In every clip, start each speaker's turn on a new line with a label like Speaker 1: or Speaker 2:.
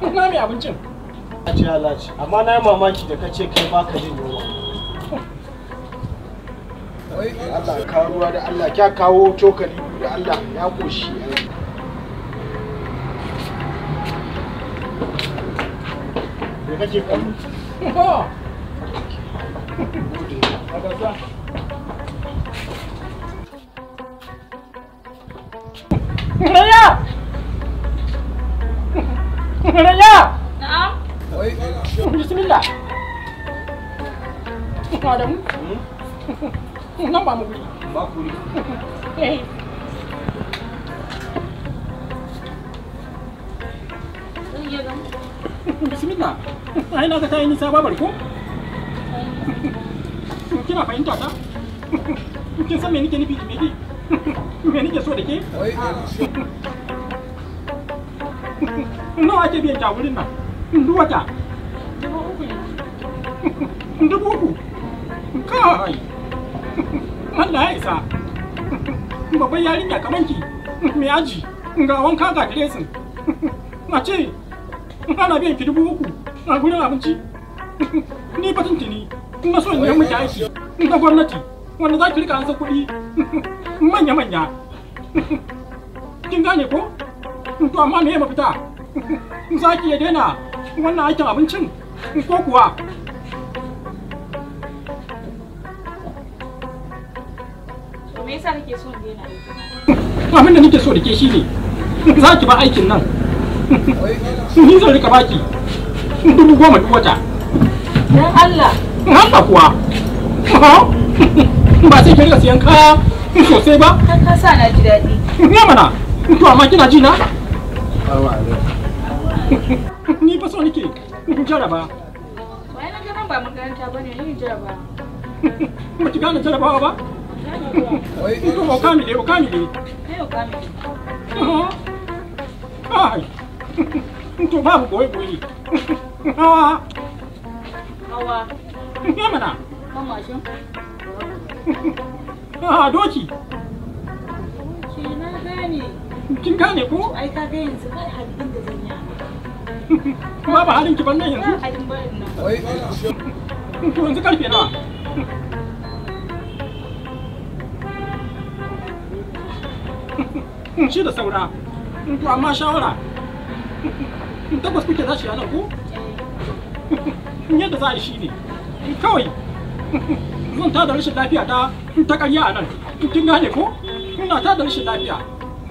Speaker 1: Ina mai abincin? Aji alaji, amma na yi mamaki da kace kai ba ka jin yunwa. Allah ka ruwa da Allah, kya kawo cokali da Allah ya Me kake kallo? Raya! Na'am. não Madam. Nan ba mu guri. Ba não Eh. Bismillah. Ai na ga ta não nisa babar ko? Kina fahimta ta? Kin san me nake nufi me nake so da ke? nawa ake biyan ki a wurin nan duk wata dubu kai Allah ya isa babban yarinya kaman ki mai aji ga wanka ga dressing a ce na biyan ki dubu uku a gurin abinci ni fatin tuni na so ne miki aiki na gwamnati wanda za ki rika an kuɗi manya-manya kin gane ko to amma me mafita za ki ya daina wannan aikin abincin ko kuwa me yasa kake so in daina abin da nake so da ke ne. za ki ba aikin nan ni zan rika baki dubu goma duk wata dan Allah Allah kuwa ba sai ki rika siyan kaya sosai ba ka sa na ji daɗi ya mana to amma kina ji na Ni fa so nake jaraba. Wai na gaban ba makaranta bane ne jaraba. Ba ki gane jarabawa ba? Wai ko ba kani ne, kani ne. Kai kani ne. Kai. To babu boye boye. Hawa. Hawa. Ne mana? Mama shin. Ah doki. Shi na gane. kin gane ko ai ka ga yanzu kai halin da zan yi kuma ba halin ki ban nan yanzu halin ban wai to yanzu karfe nawa shi da saura to amma shawara tabbas kuke za tashi nan, ko eh. yadda za a yi shi ne kawai zan tada rashin lafiya ta ta karya a nan kin gane ko ina ta da rashin lafiya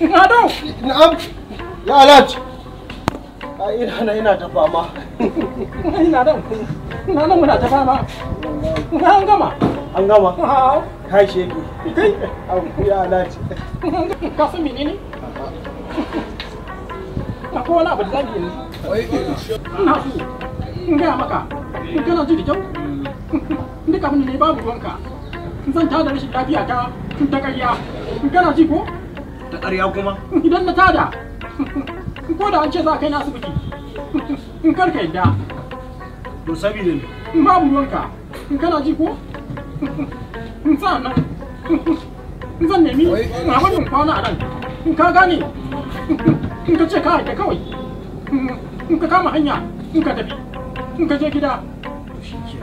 Speaker 1: Na dawo. Na'am. Ya Alhaji. A ina na ina ta fama. Ina da Na nan muna ta fama. Na an gama. An gama. Kai shege. Kai. Ya Alhaji. Ka san menene? Akwai wani abu da zan yi. Ina na su. gaya maka. In kana ji da kyau. Duk abin da ne babu ruwanka. Zan tada rashin lafiya ta ta karya. kana ji ko? Da ƙarya kuma? Idan na tada. Ko da an ce za kai na asibiti. In kar ka yadda. To sabida ne. Babu ruwanka. In kana ji ko? In sa nan. In zan nemi eh. Muhammadu kwana a nan. In ka gane. In ka ce ka haike kawai. In ka kama hanya. In ka tafi. In ka je gida. To shi ke.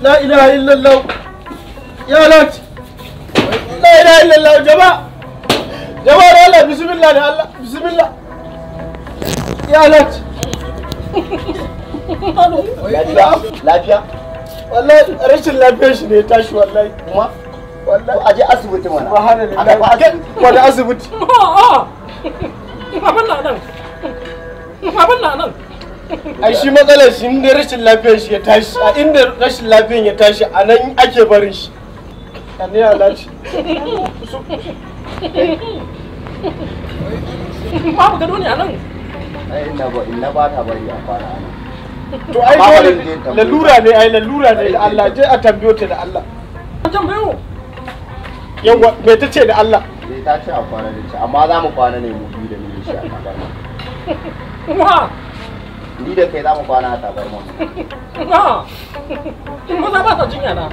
Speaker 1: la ilaha illallah ya lati la ilaha illallah jama'a jama'a da Allah bismillah da Allah bismillah ya lati lafiya wallahi rashin lafiyar shi ne ya tashi wallahi kuma wallahi aje asibiti mana asibiti ai shi matsalar shi inda rashin lafiyar shi ya tashi a inda rashin lafiyar ya tashi a nan ake barin shi a ne a laci babu gado ne a nan ina ba ta bari a fara to ai dole lalura ne ai lalura ne da Allah je a tambayo ta da Allah tambayo yawa me ta ce da Allah ta ce a kwana da ce amma za mu kwana ne mu biyu da mu insha Allah ni da kai za mu kwana a tabarma. Na, maza ba ta jinya na.